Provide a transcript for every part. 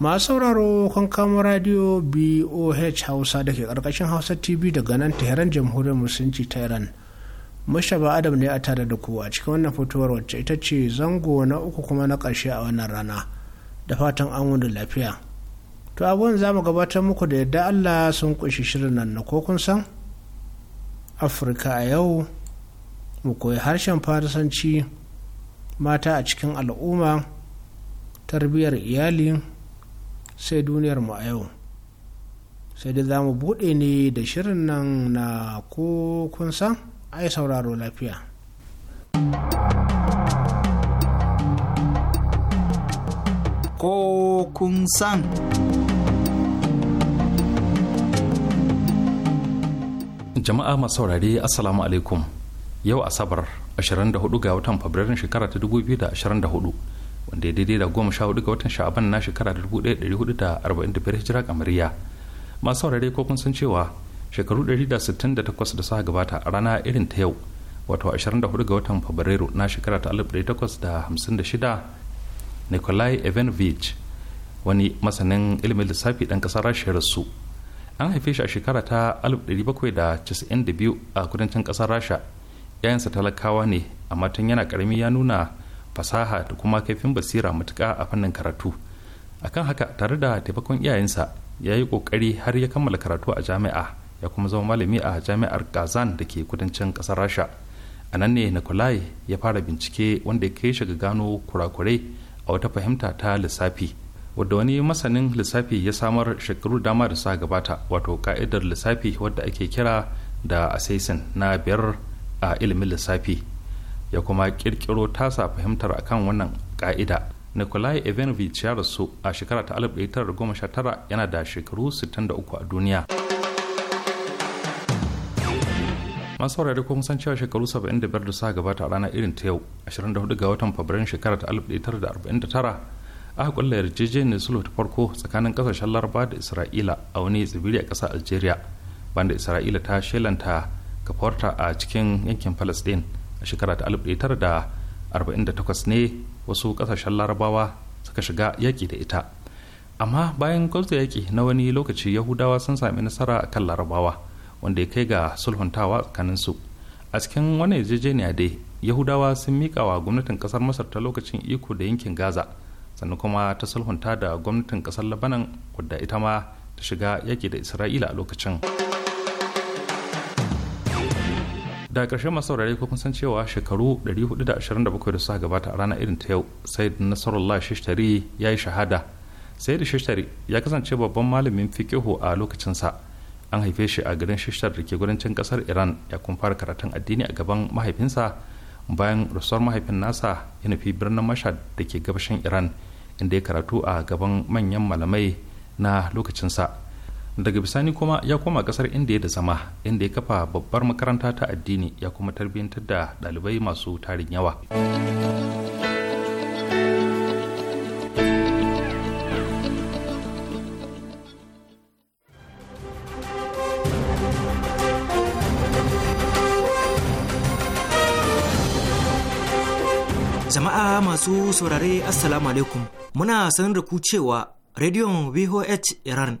masu sauraro kan kamo radio boh hausa da ke karkashin hausa tv daga nan tehran jamhuriyar musulunci ta iran mashaba adam ne a tare da ku a cikin wannan fitowar wacce ita ce zango na uku kuma na karshe a wannan rana da fatan an wani lafiya to abuwan za mu gabatar muku da yadda allah sun kunshi shirin nan na ko kun san afirka a yau mu koyi harshen farisanci mata a cikin al'umma tarbiyyar iyali sai duniyar mu a yau sai dai za mu buɗe ne da shirin nan na ko kun san ai sauraro lafiya ko kun san jama'a masu saurari assalamu alaikum yau asabar 24 ga watan fabrairun shekara ta 2024 wanda ya daidai da goma sha hudu ga watan sha'aban na shekara da dubu ɗaya ɗari hudu da arba'in da biyar hijira kamariya masu saurare ko kun san cewa shekaru ɗari da sittin da takwas da suka gabata a rana irin ta yau wato ashirin da hudu ga watan fabrairu na shekara ta alif ɗari takwas da hamsin da shida nikolai evanovich wani masanin ilimin lissafi ɗan ƙasar rasha rasu an haife shi a shekara ta alif dari bakwai da casa'in da biyu a kudancin ƙasar rasha yayansa talakawa ne amma tun yana ƙarami ya nuna fasaha da kuma kaifin basira matuka a fannin karatu akan haka tare da taimakon iyayensa ya yi ƙoƙari har ya kammala karatu a jami'a ya kuma zama malami a jami'ar kazan da ke kudancin ƙasar rasha a nan ne nikolai ya fara bincike wanda ya kai shiga ga gano kurakurai a wata fahimta ta lissafi wadda wani masanin lissafi ya samar shekaru dama da sa gabata wato ka'idar lissafi wadda ake kira da assassin na biyar a ilimin lissafi ya kuma kirkiro tasa fahimtar akan wannan ka'ida nikolai ivanovich ya rasu a shekara ta 1919 yana da shekaru 63 a duniya masu wurare kuma san cewa shekaru 75 da suka gabata a ranar irin ta yau 24 ga watan fabrin shekara ta 1949 aka kulla yarjejeniyar sulhu ta farko tsakanin kasashen laraba da isra'ila a wani tsibiri a ƙasar algeria banda isra'ila ta shelanta kafarta a cikin yankin palestine a shekara ta 1948 ne wasu kasashen larabawa suka shiga yaƙi da ita amma bayan gwamnati yaƙi na wani lokaci yahudawa sun sami nasara a kan larabawa wanda ya kai ga sulhuntawa tsakaninsu a cikin wani yarjejeniya dai yahudawa sun miƙa wa gwamnatin ƙasar masar ta lokacin iko da yankin gaza sannan kuma ta sulhunta da gwamnatin ƙasar labanan wadda ita ma ta shiga yaƙi da isra'ila a lokacin. da ƙarshe masu saurare ko kun san cewa shekaru 427 da suka gabata a ranar irin ta yau sai nasarullah shishtari ya yi shahada sai da shishtari ya kasance babban malamin fikihu a lokacinsa an haife shi a garin shishtar da ke gudancin kasar iran ya kuma fara karatun addini a gaban mahaifinsa bayan rasuwar mahaifin nasa ya nufi birnin mashad da ke gabashin iran inda ya karatu a gaban manyan malamai na lokacinsa daga bisani kuma ya koma kasar ya da zama inda ya kafa babbar makaranta ta addini ya kuma tarbiyyantar da ɗalibai masu tarin yawa Jama'a masu saurare Assalamu alaikum muna sanar da ku cewa Rediyon VOH Iran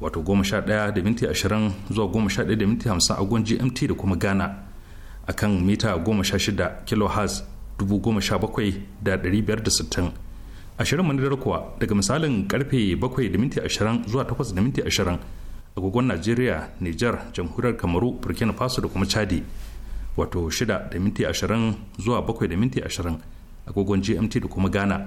wato 11 da minti ashirin zuwa 11 da minti 50 agon gmt da kuma ghana a kan mita 16 kilohertz 17,560 ashirin manadar kuwa daga misalin karfe bakwai da minti ashirin zuwa takwas da minti agogon najeriya niger jamhuriyar kamaru burkina faso da kuma chadi wato shida da minti ashirin zuwa bakwai da minti agogon gmt da kuma ghana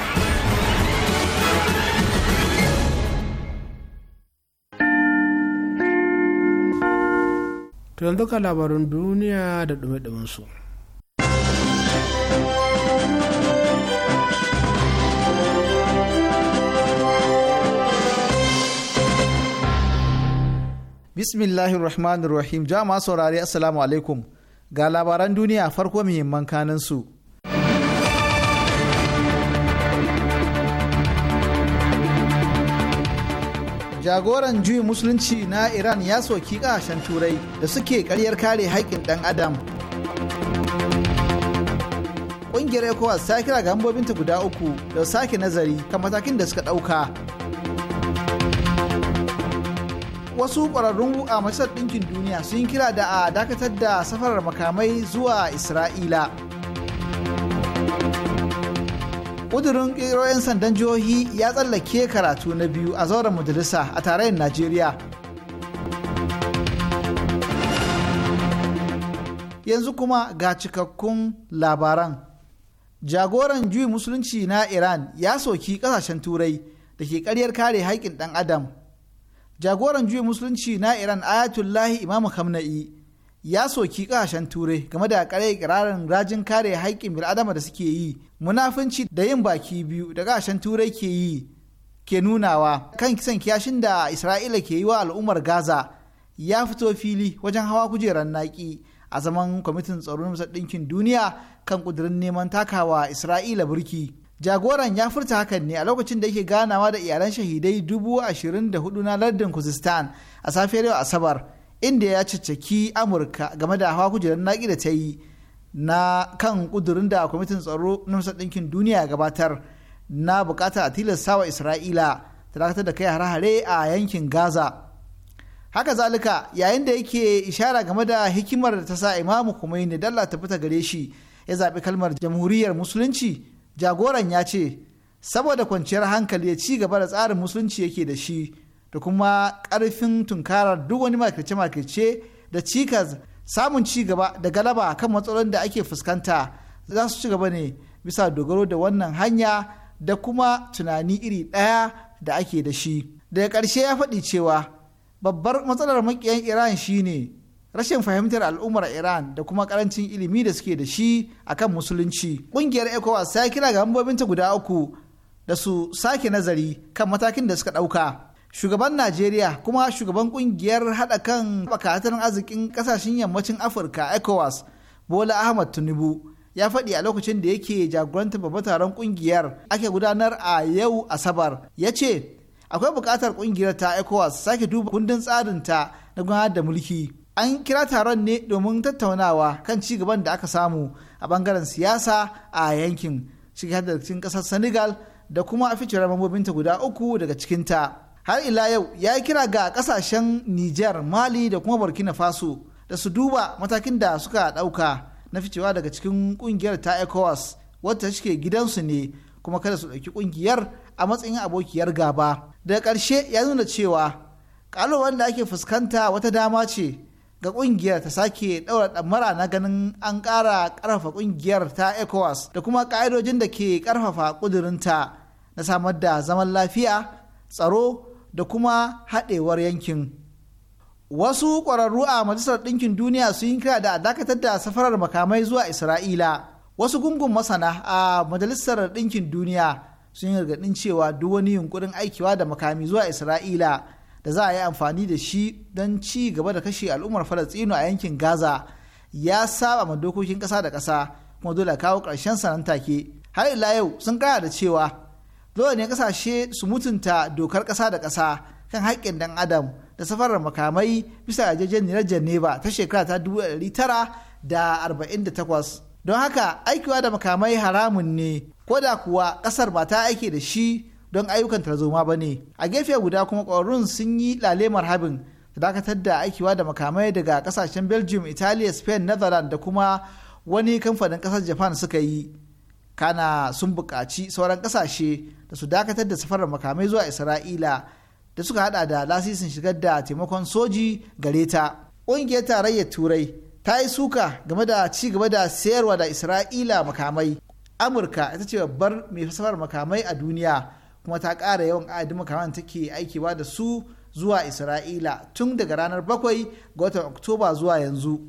to yanzu ka labarin duniya da dume su. bismillahir rahmanir rahim jama'a saurari assalamu alaikum ga labaran duniya farko muhimman kanin su jagoran juyin musulunci na iran ya soki kasashen turai da suke karyar kare haƙƙin ɗan adam ƙungiyar ecowas ta kira ga ta guda uku da sake nazari kan matakin da suka ɗauka wasu ƙwararrun a majalisar ɗinkin duniya sun kira da a dakatar da safarar makamai zuwa isra'ila ƙudurin ƙiro 'yan sandan jihohi ya tsallake karatu na biyu a zauren majalisa a tarayyar najeriya yanzu kuma ga cikakkun labaran jagoran juyin musulunci na iran ya soki ƙasashen turai da ke karyar kare haƙƙin ɗan adam jagoran juyin musulunci na iran ayatullahi imamu kamna'i ya soki kashen turai game da kare kirarin rajin kare haƙƙin bil'adama da suke yi munafunci da yin baki biyu da kashen turai ke yi ke nunawa kan kisan kiyashin da isra'ila ke yi wa al'ummar gaza ya fito fili wajen hawa kujerar naƙi a zaman kwamitin tsaron na ɗinkin duniya kan ƙudurin neman takawa isra'ila burki jagoran ya furta hakan ne a lokacin da yake ganawa da iyalan shahidai dubu ashirin da hudu na lardin kuzistan a safiyar yau asabar inda ya caccaki amurka game da hawa kujerar naƙi da ta yi na kan ƙudurin da kwamitin tsaro na masar ɗinkin duniya ya gabatar na bukata a tilasta wa isra'ila ta da kai hare-hare a yankin gaza haka zalika yayin da yake ishara game da hikimar da ta sa imamu kumaini dalla ta fita gare shi ya zaɓi kalmar jamhuriyar musulunci jagoran ya ce saboda kwanciyar hankali ya ci gaba da tsarin musulunci yake da shi da kuma karfin tunkarar duk wani makirce-makirce da cikas samun ci gaba da galaba kan matsalolin da ake fuskanta za su ci gaba ne bisa dogaro da wannan hanya da kuma tunani iri ɗaya da ake da shi daga karshe ya faɗi cewa babbar matsalar makiyan iran shine rashin fahimtar al'ummar iran da kuma karancin ilimi da suke da shi akan musulunci ƙungiyar ecowas ya kira ga mambobinta guda uku da su sake nazari kan matakin da suka ɗauka shugaban najeriya kuma shugaban kungiyar haɗa kan tattalin arzikin kasashen yammacin afirka ecowas bola ahmad tinubu ya faɗi a lokacin da yake jagorantar babban taron kungiyar ake gudanar a yau asabar ya ce akwai buƙatar kungiyar ta ecowas sake duba kundin tsarin ta na gudanar da mulki an kira taron ne domin tattaunawa kan ci gaban da aka samu a bangaren siyasa a yankin cikin ƙasar senegal da kuma a fice mambobinta guda uku daga cikinta har ila yau ya yi kira ga kasashen niger mali da kuma burkina faso da su duba matakin da suka ɗauka na ficewa daga cikin ƙungiyar ta ecowas wadda cike gidansu ne kuma kada su ɗauki ƙungiyar a matsayin abokiyar gaba daga ƙarshe ya nuna cewa ƙalubalen da ake fuskanta wata dama ce ga ƙungiyar ta sake ɗaura ɗamara na ganin an ƙara ƙarfafa ƙungiyar ta ecowas da kuma ƙa'idojin da ke ƙarfafa ƙudurinta na samar da zaman lafiya tsaro da kuma haɗewar yankin. Wasu ƙwararru a Majalisar Ɗinkin Duniya sun yi kira da a dakatar da safarar makamai zuwa Isra'ila. Wasu gungun masana a Majalisar Ɗinkin Duniya sun yi gargaɗin cewa duk wani yunkurin aikiwa da makami zuwa Isra'ila da za a yi amfani da shi don ci gaba da kashe al'ummar Falastinu a yankin Gaza ya saba ma dokokin ƙasa da ƙasa kuma dole kawo ƙarshen sanan take. Har ila yau sun kara da cewa dole ne kasashe su mutunta dokar ƙasa da ƙasa kan haƙƙin ɗan adam da safarar makamai bisa yarjejeniyar Geneva ta shekara ta 1948. Don haka aikiwa da makamai haramun ne ko da kuwa ƙasar ba ta aiki da shi don ayyukan tarzoma ba ne. A gefe guda kuma kwararrun sun yi lalemar habin da dakatar da aikiwa da makamai daga ƙasashen Belgium, Italiya, Spain, Netherlands da kuma wani kamfanin ƙasar Japan suka yi. Kana sun buƙaci sauran ƙasashe da su dakatar da safarar makamai zuwa isra'ila da suka hada da lasisin shigar da taimakon soji gare ta ƙungiyar tarayyar turai ta yi suka game da ci gaba da sayarwa da isra'ila makamai amurka ita ce babbar mai safarar makamai a duniya kuma ta ƙara yawan adadin makaman take aikewa da su zuwa isra'ila tun daga ranar bakwai ga watan oktoba zuwa yanzu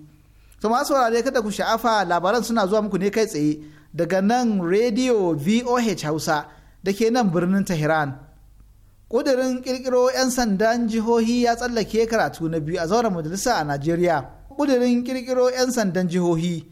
to masu saurare kada ku sha'afa labaran suna zuwa muku ne kai tsaye daga nan radio voh hausa da ke nan birnin tehran ƙudurin ƙirƙiro 'yan sandan jihohi ya tsallake karatu na biyu a zauren majalisa a najeriya ƙudurin ƙirƙiro 'yan sandan jihohi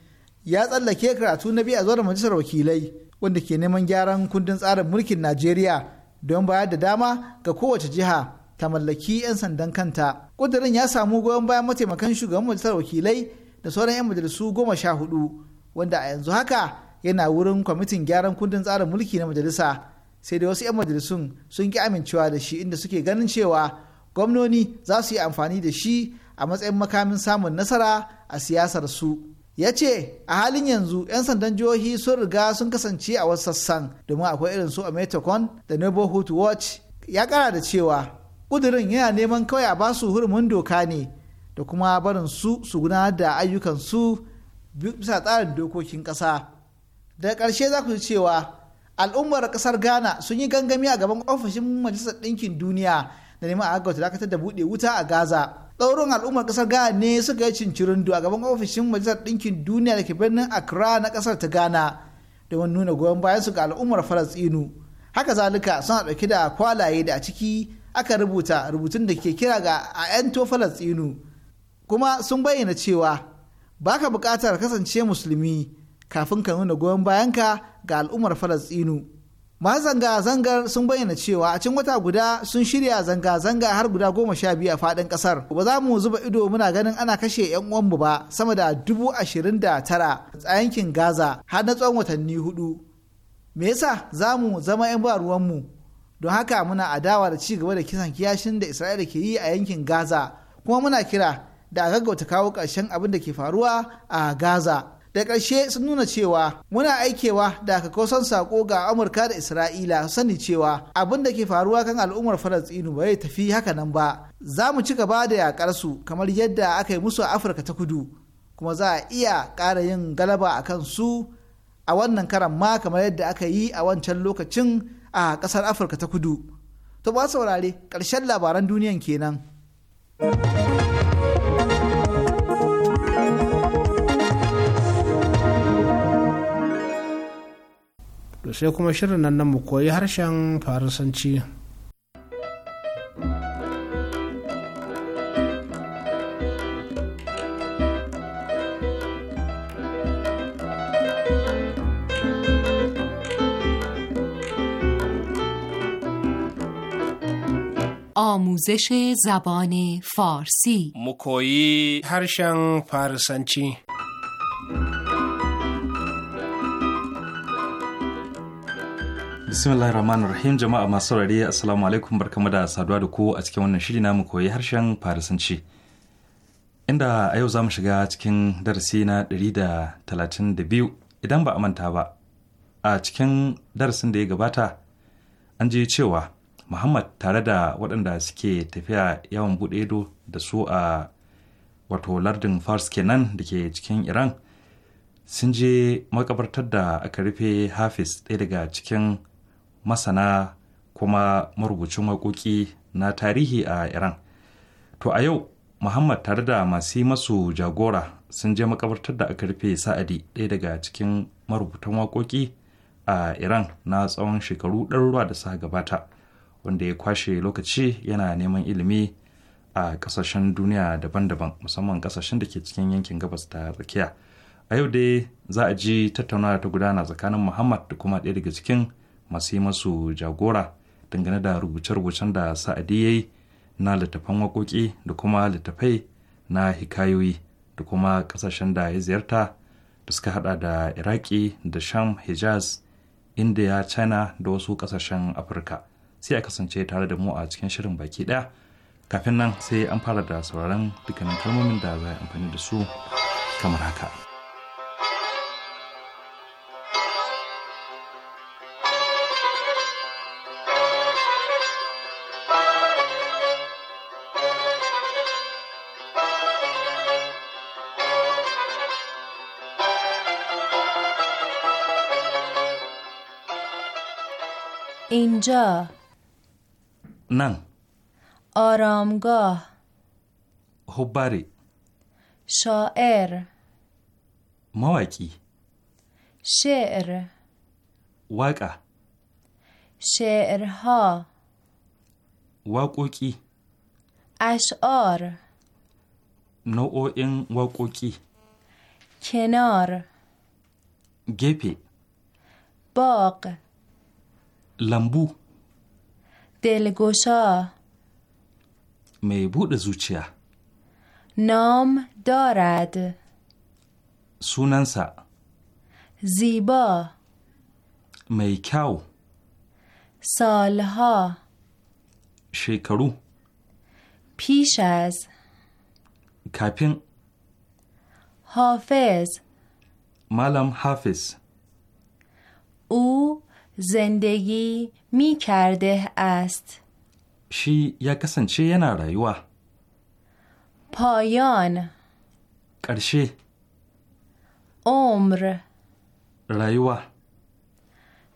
ya tsallake karatu na biyu a zauren majalisar wakilai wanda ke neman gyaran kundin tsarin mulkin najeriya don bayar da dama ga kowace jiha ta mallaki 'yan sandan kanta ƙudurin ya samu goyon bayan mataimakan shugaban majalisar wakilai da sauran 'yan majalisu goma sha hudu wanda a yanzu haka yana wurin kwamitin gyaran kundin tsarin mulki na majalisa sai da wasu 'yan majalisun sun ki amincewa da shi inda suke ganin cewa gwamnoni za su yi amfani da shi a matsayin makamin samun nasara a siyasar su ya ce a halin yanzu 'yan sandan jihohi sun riga sun kasance a wasu sassan domin akwai irin su a metacon da neighborhood watch ya kara da cewa ƙudurin yana neman kawai a basu hurumin doka ne da kuma barin su su gudanar da ayyukan su bisa tsarin dokokin ƙasa daga ƙarshe za ku ji cewa al'ummar kasar ghana sun yi gangami a gaban ofishin majalisar ɗinkin duniya da neman a gaggauta dakatar da buɗe wuta a gaza ɗaurin al'ummar kasar ghana ne suka yi cincirindu a gaban ofishin majalisar ɗinkin duniya da ke birnin accra na kasar ta ghana domin nuna goyon bayan su ga al'ummar falastinu haka zalika suna ɗauke da kwalaye da a ciki aka rubuta rubutun da ke kira ga a 'yanto falastinu kuma sun bayyana cewa baka buƙatar kasance musulmi kafin ka nuna goyon bayanka ga al'ummar falastinu ma zanga-zangar sun bayyana cewa a cikin wata guda sun shirya zanga-zanga har guda goma sha biyu a faɗin ƙasar ba za mu zuba ido muna ganin ana kashe 'yan uwanmu ba sama da dubu ashirin da tara a yankin gaza har na tsawon watanni hudu me yasa za mu zama 'yan ba ruwanmu don haka muna adawa da ci gaba da kisan kiyashin da isra'ila ke yi a yankin gaza kuma muna kira da a gaggauta kawo ƙarshen abin da ke faruwa a gaza da ƙarshe sun nuna cewa muna aikewa da kakosan sako ga amurka da isra'ila su sani cewa abin da ke faruwa kan al'ummar falastinu bai tafi haka nan ba za mu ci gaba da yakar su kamar yadda aka yi musu a afirka ta kudu kuma za a iya ƙara yin galaba a kan su a wannan karan ma kamar yadda aka yi a wancan lokacin a ƙasar afirka ta kudu to ba saurare ƙarshen labaran duniyan kenan. to sai kuma shirin nan mu koyi harshen farisanci آموزش زبان فارسی مکویی هرشن فارسنچی bismillahir rahmanir rahim jama'a masu saurari assalamu alaikum barkamu da saduwa da ku a cikin wannan shiri namu koyi harshen farisanci inda a yau za mu shiga cikin darasi na ɗari da da biyu idan ba a manta ba a cikin darasin da ya gabata an ji cewa muhammad tare da waɗanda suke tafiya yawan buɗe ido da su a wato lardin fars kenan da ke cikin iran sun je makabartar da aka rufe hafiz ɗaya daga cikin masana kuma marubucin waƙoƙi na tarihi a Iran. To a yau, Muhammad tare da masu yi masu jagora sun je makabartar da aka rufe sa'adi ɗaya daga cikin marubutan waƙoƙi a Iran na tsawon shekaru ɗaruruwa da suka gabata, wanda ya kwashe lokaci yana neman ilimi a ƙasashen duniya daban-daban musamman ƙasashen da ke cikin yankin gabas ta tsakiya. A yau dai za a ji tattaunawa ta gudana tsakanin Muhammad da kuma ɗaya daga cikin masu yi masu jagora dangane da rubuce-rubucen da sa'adi ya yi na littafan waƙoƙi da kuma littafai na hikayoyi da kuma ƙasashen da ya ziyarta da suka hada da iraki da sham hijaz india china da wasu ƙasashen afirka sai a kasance tare da mu a cikin shirin baki ɗaya kafin nan sai an fara da sauraron dukkanin kalmomin da za a amfani da su kamar haka. اینجا نن آرامگاه هوباری شاعر مواکی شعر واقع شعرها واقوکی اشعار نوعین واقوکی کنار گپی باغ lambu delgosha mai buɗe zuciya nom dorad sunansa ziba mai kyau salha shekaru pishas kafin hafiz malam hafiz u زندگی می کرده است شی یا کسنچه ینا رایوا پایان کرشه عمر رایوا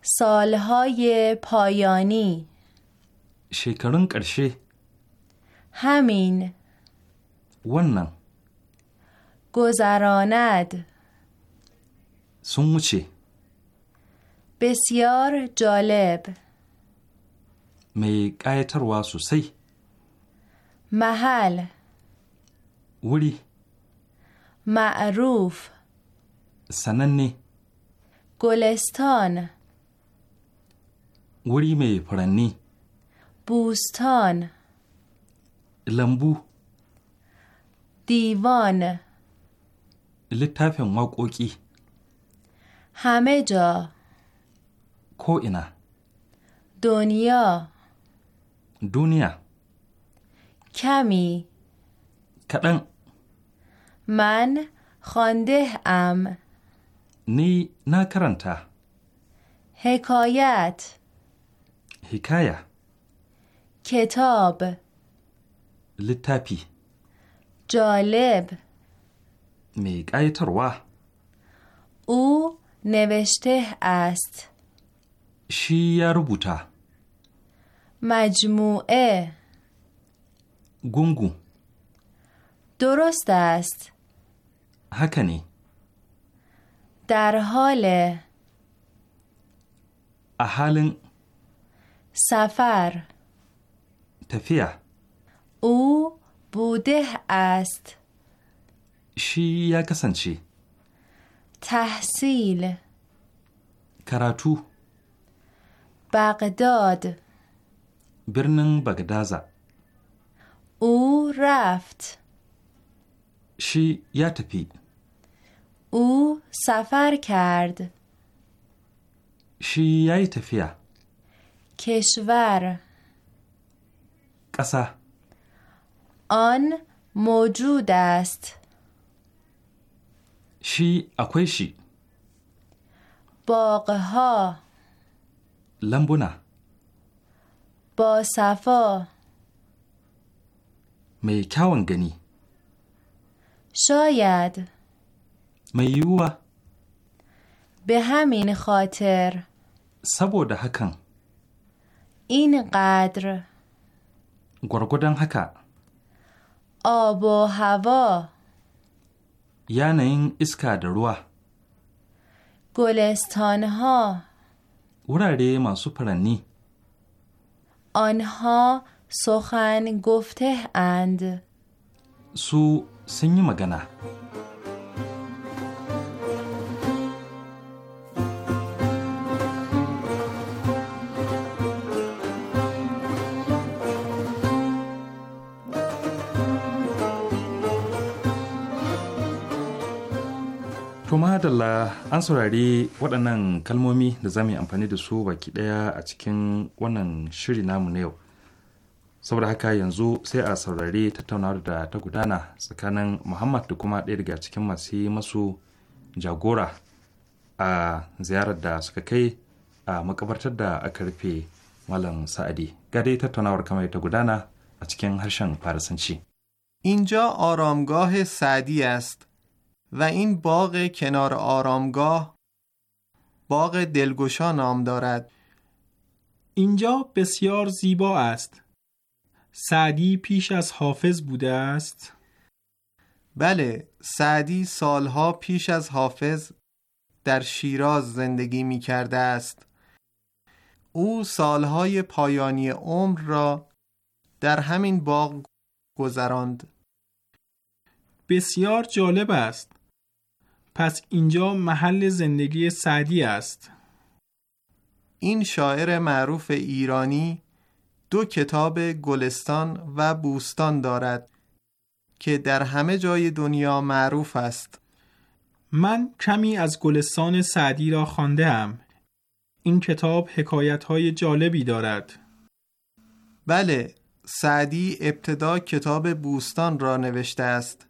سالهای پایانی شکرن کرشه همین ونن گذراند سون بسیار جالب می قایتروا محل ولی. معروف سننی گلستان وری می پرنی بوستان لمبو دیوان مقوکی همه جا. کوینا دنیا دنیا کمی کدن من خانده ام نی نکرنتا حکایت حکایه کتاب لتاپی جالب میگایتروا او نوشته است shi ya rubuta. Majmu’e Gungu Dorostas Haka ne Darhole A halin Safar Tafiya U bude ast Shi ya kasance Tahsil Karatu بغداد برنن بغدازا او رفت شی یا او سفر کرد شی یای کشور قصه آن موجود است شی اکوی شی باغها لمبونا با صفا می کون گنی شاید میوا به همین خاطر سبود هکن این قدر گرگودن هکا آب و هوا یعنی این اسکا گلستان ها وراره ما سپرانی. آنها سخن گفته اند سو سنی مگنه Allah an saurari waɗannan kalmomi da za mu yi amfani da su baki ɗaya a cikin wannan shiri namu na yau saboda haka yanzu sai a saurari tattaunawar da ta gudana tsakanin muhammad da kuma ɗaya daga cikin masu masu jagora a ziyarar da suka kai a makabartar da aka rufe malam sa'adi ga tattaunawar kamar ta gudana a cikin harshen farisanci Inja آرامگاه Sa'adi است. و این باغ کنار آرامگاه باغ دلگشا نام دارد اینجا بسیار زیبا است سعدی پیش از حافظ بوده است بله سعدی سالها پیش از حافظ در شیراز زندگی می کرده است او سالهای پایانی عمر را در همین باغ گذراند بسیار جالب است پس اینجا محل زندگی سعدی است. این شاعر معروف ایرانی دو کتاب گلستان و بوستان دارد که در همه جای دنیا معروف است. من کمی از گلستان سعدی را خانده هم. این کتاب حکایت های جالبی دارد. بله، سعدی ابتدا کتاب بوستان را نوشته است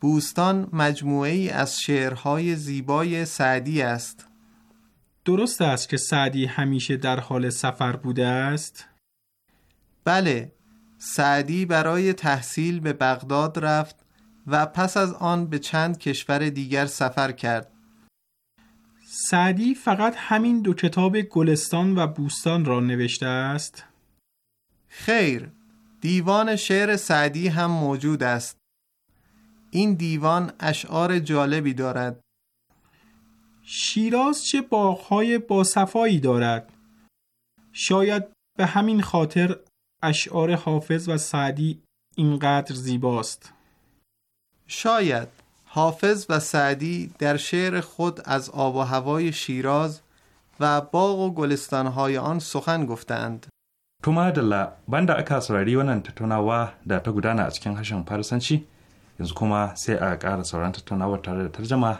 بوستان مجموعه ای از شعرهای زیبای سعدی است. درست است که سعدی همیشه در حال سفر بوده است؟ بله، سعدی برای تحصیل به بغداد رفت و پس از آن به چند کشور دیگر سفر کرد. سعدی فقط همین دو کتاب گلستان و بوستان را نوشته است؟ خیر، دیوان شعر سعدی هم موجود است. این دیوان اشعار جالبی دارد شیراز چه باغهای باصفایی دارد شاید به همین خاطر اشعار حافظ و سعدی اینقدر زیباست شاید حافظ و سعدی در شعر خود از آب و هوای شیراز و باغ و گلستانهای آن سخن گفتند تو مادلا بند اکاس در تا از yanzu kuma sai a ƙara sauran tattaunawar tare da tarjama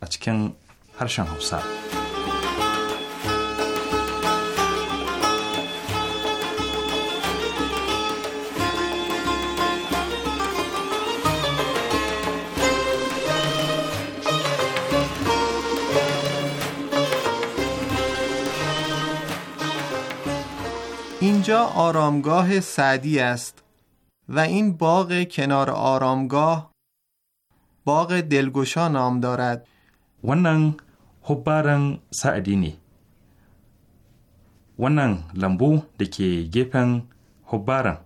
a cikin harshen hausa اینجا آرامگاه سعدی است و این باغ کنار آرامگاه باغ دلگشا نام دارد ونن حبارن سعدی نی ونن لمبو دکی گپن حبارن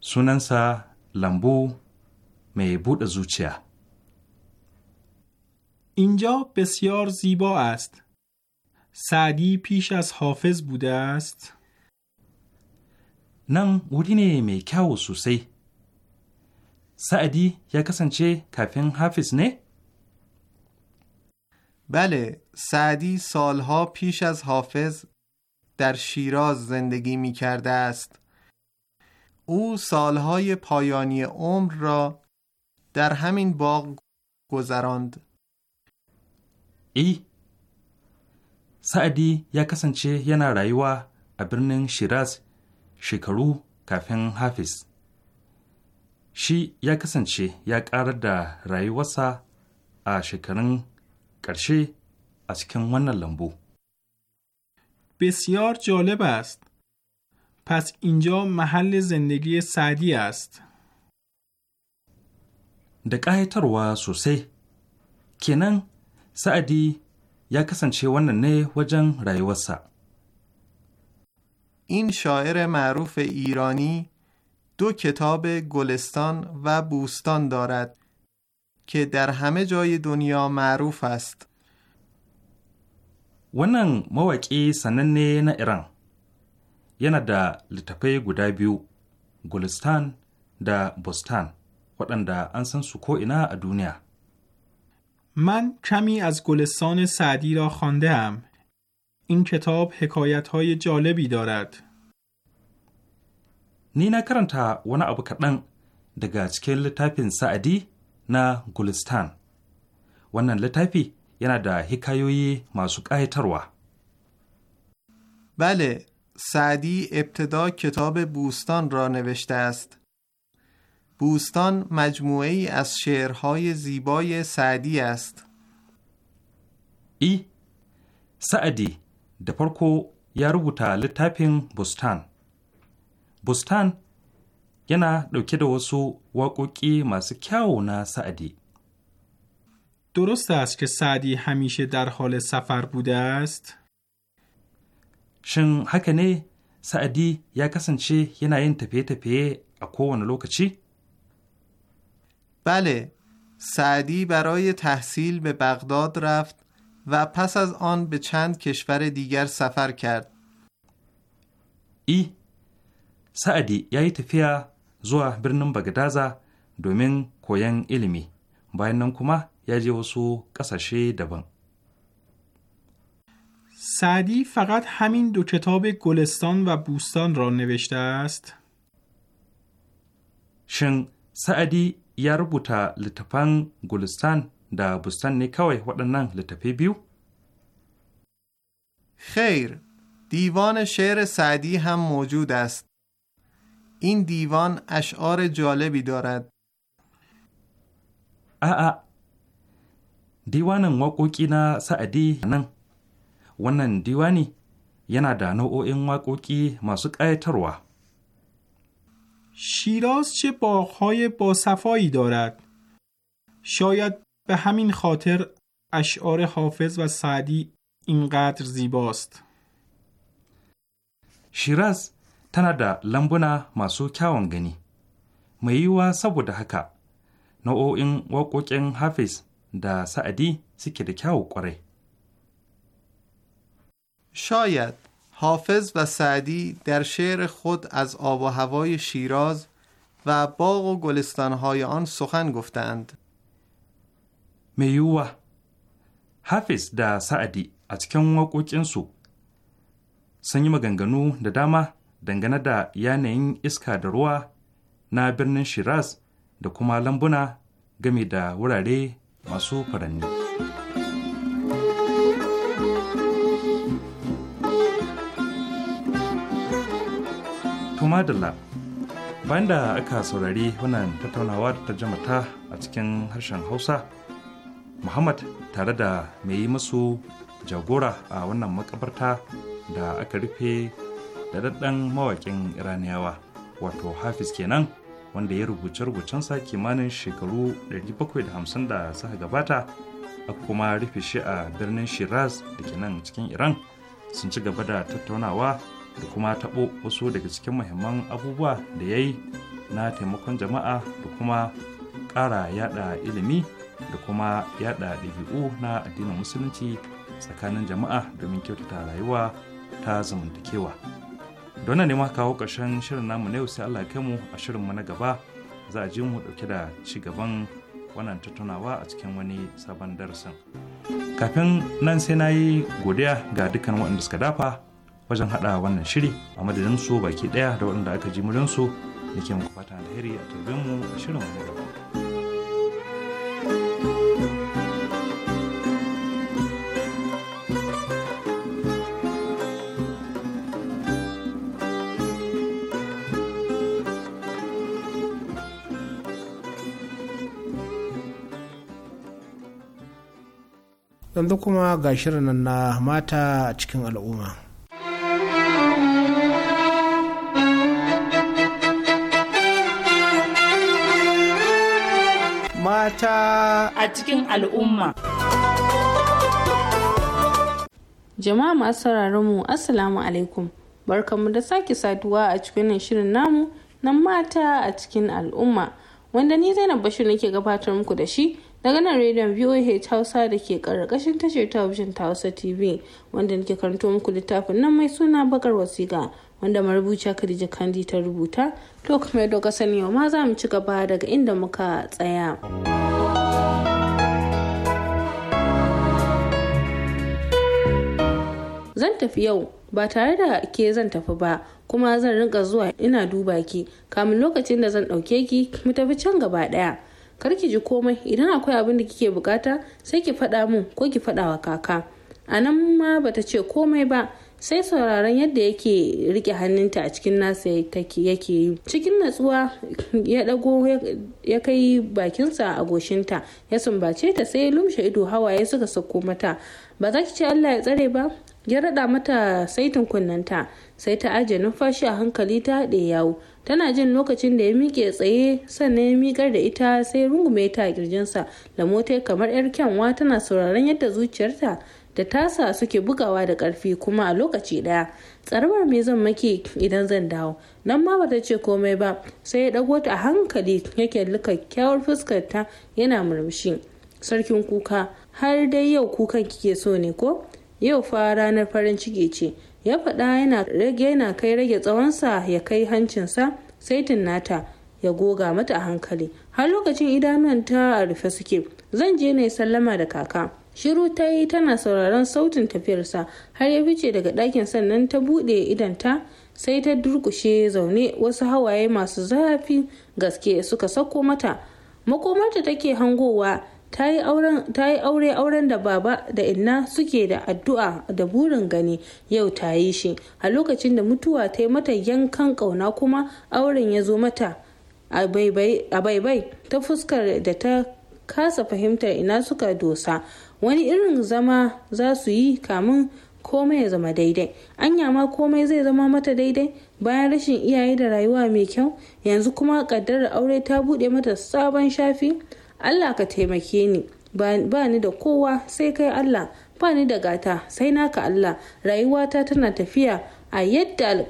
سننسا لمبو می بود زوچیا اینجا بسیار زیبا است سعدی پیش از حافظ بوده است nan wuri ne mai sosai سعدی یا کسنچه کفین حافظ نه؟ بله سعدی سالها پیش از حافظ در شیراز زندگی می کرده است او سالهای پایانی عمر را در همین باغ گذراند ای سعدی یا کسنچه یه نرائیوه بیرنین شیراز shekaru kafin hafiz shi ya kasance ya ƙarar da rayuwarsa a shekarun ƙarshe a cikin wannan lambu بسیار جالب است. پس اینجا محل زندگی Da است. sosai kenan سوسی ya kasance wannan ne wajen rayuwarsa. این شاعر معروف ایرانی دو کتاب گلستان و بوستان دارد که در همه جای دنیا معروف است. wannan mawaƙi sananne na Iran yana da littafai guda biyu, Gulistan da Bostan, waɗanda an san su ko'ina a duniya. من کمی از گلستان سعدی را خوانده ام این کتاب حکایت های جالبی دارد. نی نا کرانتا ونی ابو کدن دگا cikin littafin سعدی نه گلستان. wannan littafi دا حکایوی hikayoyi masu تروا. بله، سعدی ابتدا کتاب بوستان را نوشته است. بوستان مجموعه ای از شعرهای زیبای سعدی است. ای سعدی da farko ya rubuta littafin Bustan. Bustan yana ɗauke da wasu waƙoƙi masu kyawu na sa'adi. درست است که سعدی همیشه در حال سفر بوده است؟ شن هکنه سعدی یا یه ناین تپه تپه اکوان بله سعدی برای تحصیل به بغداد رفت و پس از آن به چند کشور دیگر سفر کرد. ای سعدی یای تفیا زوا برنم بغدادا دومین کوین علمی باین نم یا جه وسو دبن. سعدی فقط همین دو کتاب گلستان و بوستان را نوشته است؟ شن سعدی یا ربوتا لطفان گلستان da bustan ne kawai waɗannan littafi biyu? خیر دیوان شعر سعدی هم موجود است این دیوان اشعار جالبی دارد آ دیوان واقوکی نا سعدی نن wannan diwani yana da nau'o'in waƙoƙi masu ƙayatarwa. شیراز چه باغهای باصفایی دارد شاید به همین خاطر اشعار حافظ و سعدی اینقدر زیباست شیراز تندا لمبنا ماسو کیاونگنی میوا سبود هکا نو او این وکوچ این حافظ دا سعدی سکید کیاو کاره شاید حافظ و سعدی در شعر خود از آب و هوای شیراز و باغ و گلستانهای آن سخن گفتند. mai yiwuwa hafiz da sa'adi a cikin waƙoƙinsu sun yi maganganu da dama dangane da yanayin iska da ruwa na birnin shiraz da kuma lambuna game da wurare masu furanni. tumadala bayan da aka saurari wannan tattaunawa da ta jamata a cikin harshen hausa muhammad tare da mai yi masu jagora a wannan makabarta da aka rufe da daddan mawaƙin iraniyawa wato hafiz kenan wanda ya rubuce rubucensa kimanin shekaru 750 da suka gabata a kuma rufe shi a birnin shiraz da ke nan cikin iran sun ci gaba da tattaunawa da kuma taɓo wasu daga cikin muhimman abubuwa da ya yi na taimakon jama'a da kuma ƙara yada ilimi da kuma yada ɗabi'u na addinin musulunci tsakanin jama'a domin kyautata rayuwa ta zamantakewa don ne ma kawo ƙarshen shirin namu na yau sai Allah kai mu a shirin mu na gaba za a ji mu ɗauki da ci gaban wannan tattaunawa a cikin wani sabon darasin kafin nan sai na yi godiya ga dukkan waɗanda suka dafa wajen haɗa wannan shiri a madadin su baki ɗaya da waɗanda aka ji murinsu da ke muku fatan alheri a turbin mu a shirin mu na gaba yanzu kuma ga shirin nan na mata a cikin al'umma. Mata a cikin al'umma. Jama'a masu sauraron mu Assalamu alaikum. Barkanmu da sake saduwa a cikin shirin namu na mata a cikin al'umma. Wanda ni Zainab Bashir nake gabatar muku da shi daga nan rediyon voa hausa da ke karkashin tashar talabijin ta hausa tv wanda nake karanto muku littafin nan mai suna bakar wasiƙa wanda marubuciya khadija kandi ta rubuta to kuma yadda ka sani ma za mu ci gaba daga inda muka tsaya zan tafi yau ba tare da ke zan tafi ba kuma zan rinka zuwa ina duba ki kamin lokacin da zan ɗauke ki mu tafi can gaba ɗaya kar ki ji komai idan akwai abin da kike bukata sai ki faɗa min ko ki faɗa wa kaka a nan ma bata ce komai ba sai sauraron yadda yake rike hannunta a cikin nasa yake yi cikin natsuwa ya dago ya kai bakinsa a goshinta ya sumbace ta sai lumshe ido hawaye suka sauko mata ba za ki ce allah ya tsare ba ya raɗa mata saitin kunnanta sai ta ajiye numfashi a hankali ta haɗe yawo tana jin lokacin da ya miƙe tsaye sannan ya miƙar da ita sai rungume ta a kirjinsa lamote kamar yar kyanwa tana sauraron yadda zuciyarta da tasa suke bugawa da ƙarfi kuma a lokaci ɗaya tsarabar me zan maki idan zan dawo nan ma bata ce komai ba sai ya ɗago ta a hankali yake kyakkyawar fuskar ta yana murmushi sarkin kuka har dai yau kukan kike so ne ko yau fa ranar farin ciki ce ya faɗa yana rage yana kai rage tsawonsa ya kai hancinsa saitin nata ya goga mata a hankali har lokacin idanunta ta a rufe suke zan je ne sallama da kaka shiru ta yi tana sauraron sautin tafiyarsa har ya fice daga ɗakin sannan ta buɗe idanta sai ta durkushe zaune wasu hawaye masu zafi gaske suka sauko mata makomarta take hangowa ta yi aure auren da baba da inna suke da addu'a da burin gani yau ta yi shi a lokacin da mutuwa ta yi mata yankan ƙauna kuma auren ya zo mata a baibai ta fuskar da ta kasa fahimtar ina suka dosa wani irin zama za su yi kamun komai ya zama daidai anya ma komai zai zama mata daidai bayan rashin iyaye da rayuwa mai kyau yanzu kuma kaddarar aure ta buɗe mata sabon shafi allah ka taimake ni ba ni da kowa sai kai allah ba ni da gata sai naka allah rayuwata tana tafiya a yadda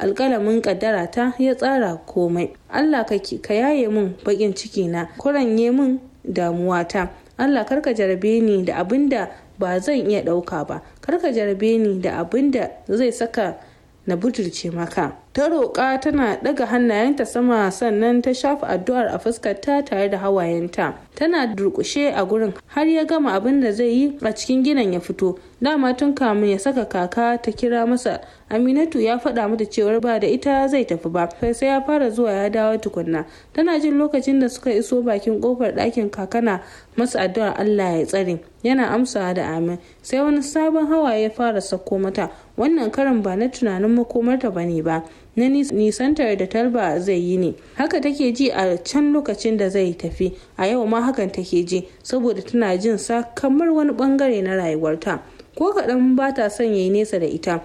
alƙalamin ƙaddara ta ya tsara komai allah ka yaye min baƙin ciki na kuranye min damuwata allah karka jarabe ni da abin da ba zan iya ɗauka ba karka jarabe ni da abin da zai saka na budurce maka ta roƙa tana ɗaga hannayenta sama sannan ta shafa addu'ar a fuskarta tare da hawayenta tana durƙushe a gurin har ya gama abin da zai yi a cikin ginin ya fito dama tun kamun ya saka kaka ta kira masa aminatu ya faɗa mata cewar ba da ita zai tafi ba sai ya fara zuwa ya dawo tukunna tana jin lokacin da suka iso bakin kofar ɗakin kakana masu addu'a allah ya tsare yana amsa da amin sai wani sabon hawa ya fara sako mata wannan karin ba na tunanin makomarta ba ne ba na nisantar da talba zai yi ne haka take ji a can lokacin da zai tafi a yau ma hakan take ji saboda tana jin sa kamar wani bangare na rayuwarta ko kaɗan ba ta son ya yi nesa da ita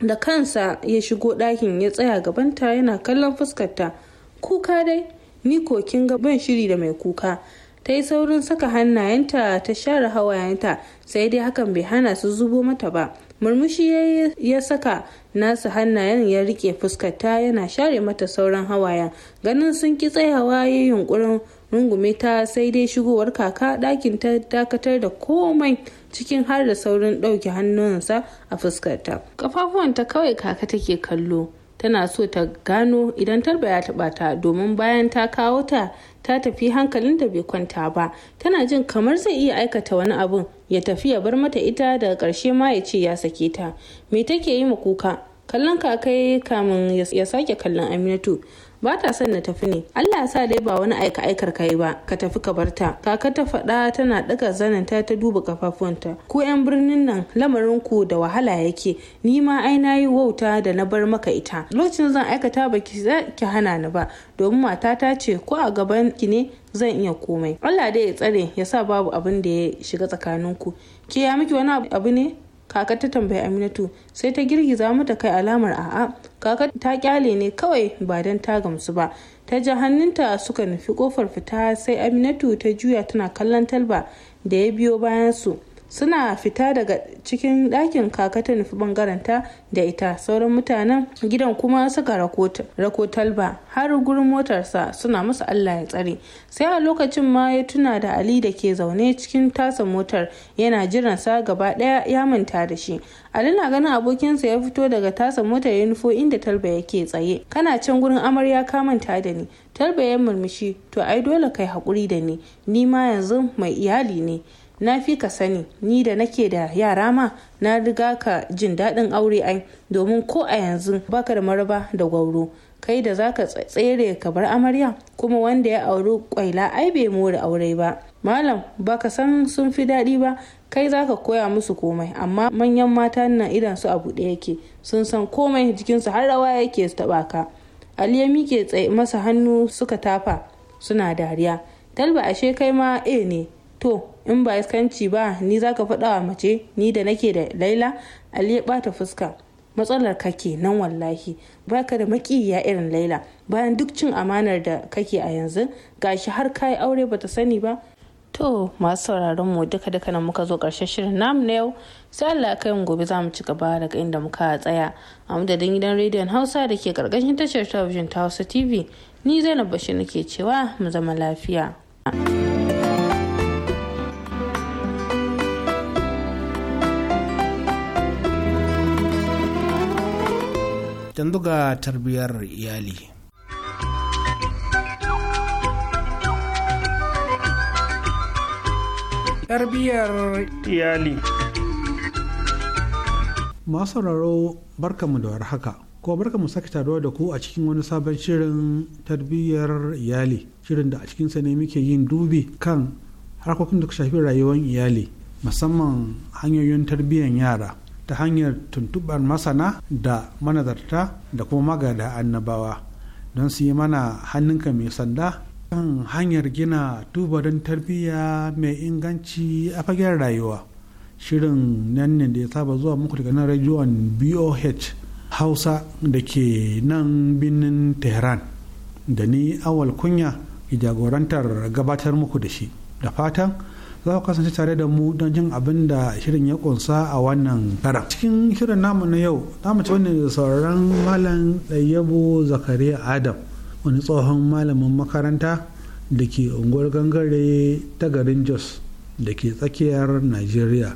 da kansa ya shigo ɗakin ya tsaya gabanta yana kallon fuskarta kuka dai ni ko kin ga ban shiri da mai kuka ta yi saurin saka hannayenta ta share hawayenta sai dai hakan bai hana su zubo mata ba murmushi ya saka nasu hannayen ya rike fuskarta yana share mata sauran hawayen ganin sun ki tsayawa ya yunkurin rungume ta sai dai shigowar kaka ɗakin ta dakatar da komai cikin har da saurin ɗauke hannunsa a fuskarta kafafuwanta kawai kaka take kallo tana so ta gano idan tarba ya taɓa domin bayan ta kawo ta ta tafi hankalin da bai kwanta ba tana jin kamar zai iya aikata wani abun ya tafi ya bar mata ita daga ƙarshe ma ya ce ya sake ta me take yi ma kuka kallon kakai kamin ya sake kallon aminatu ba ta son na tafi ne Allah ya sa dai ba wani aika aikar kai ba ka tafi ka bar ta kaka ta faɗa tana ɗaga zanen ta ta duba ta. Ko yan birnin nan lamarin ku da wahala yake ni ma ai na yi wauta da na bar maka ita lokacin zan aikata ba ki hana ni ba domin ta ce ko a gaban ki ne zan iya komai Allah dai ya tsare ya sa babu abin da ya shiga tsakaninku Ke ya miki wani abu ne kakar ta tambayi aminatu sai ta girgiza mata kai alamar a'a kakar ta kyale ne kawai ba don ta gamsu ba ta ji hannunta suka nufi kofar fita sai aminatu ta juya tana kallon talba da ya biyo bayan su suna fita daga cikin ɗakin kaka ta nufi bangaranta da ita sauran mutanen gidan kuma suka rako talba har gurin motarsa suna musu allah ya tsare sai a lokacin ma ya tuna da ali da ke zaune cikin tasa motar yana jiran sa gaba ɗaya ya manta da shi ali na ganin abokinsa ya fito daga tasa motar ya nufo inda talba yake tsaye kana can gurin amarya ka manta da ni talba ya murmushi to ai dole kai hakuri da ni ni ma yanzu mai iyali ne na fi ka sani ni da nake da yara ma na riga ka jin daɗin aure ai domin ko a yanzu baka da maraba da gwauro kai da za ka tsere ka bar amarya kuma wanda ya auri kwaila ai bai more aure ba malam baka san sun fi daɗi ba kai za ka koya musu komai amma manyan mata na idan su a buɗe yake sun san komai jikinsu har rawa yake su taɓa ka ali ya mike tsaye masa hannu suka tafa suna dariya talba ashe kai ma e ne to in ba iskanci ba ni zaka faɗa wa mace ni da nake da laila ali bata fuska matsalar kake nan wallahi ba ka da makiya irin laila bayan duk cin amanar da kake a yanzu gashi har kayi aure bata sani ba to masu sauraron mu duka duka nan muka zo karshen shirin namu na yau sai Allah kai gobe za mu ci gaba daga inda muka tsaya a madadin gidan rediyon hausa da ke karkashin tashar talabijin ta hausa tv ni zainab bashir nake cewa mu zama lafiya. thank you yanzu ga tarbiyar iyali tarbiyyar iyali masu sauraro barkamu da warhaka ko barkamu sake taruwa da ku a cikin wani sabon shirin tarbiyyar iyali shirin da a cikinsa ne muke yin dubi kan harkokin da shafi rayuwar iyali musamman hanyoyin tarbiyyar yara ta hanyar tuntubar masana da manazarta da kuma magada annabawa don su yi mana hannunka mai sanda kan hanyar gina tubarin tarbiyya mai inganci a fagen rayuwa shirin nan ne da ya saba zuwa muku daga nan rajiyon boh hausa da ke nan birnin tehran da ni awal kunya jagorantar gabatar muku da shi da fatan za ku kasance tare da mu don jin abin da shirin ya kunsa a wannan kara. Cikin shirin namu na yau, za mu ci wani sauraron malam Dayyabo Zakariya Adam, wani tsohon malamin makaranta da ke unguwar gangare ta garin Jos da ke tsakiyar Najeriya,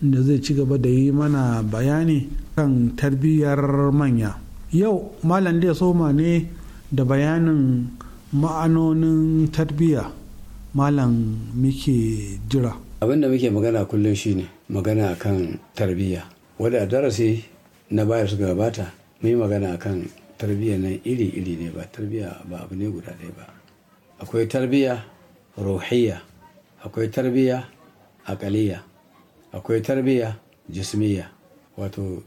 da zai ci gaba da yi mana bayani kan tarbiyyar manya. Yau, malam da ya soma ne da bayanin ma'anonin tarbiyya. malam muke jira abin da muke magana kullum shine magana kan tarbiyya wadda darasi na bayar su gabata mai magana kan tarbiyya na iri-iri ne ba tarbiyya ba abu ne guda ɗaya ba akwai tarbiyya ruhiyya akwai tarbiyya akaliya akwai tarbiyya jismiya wato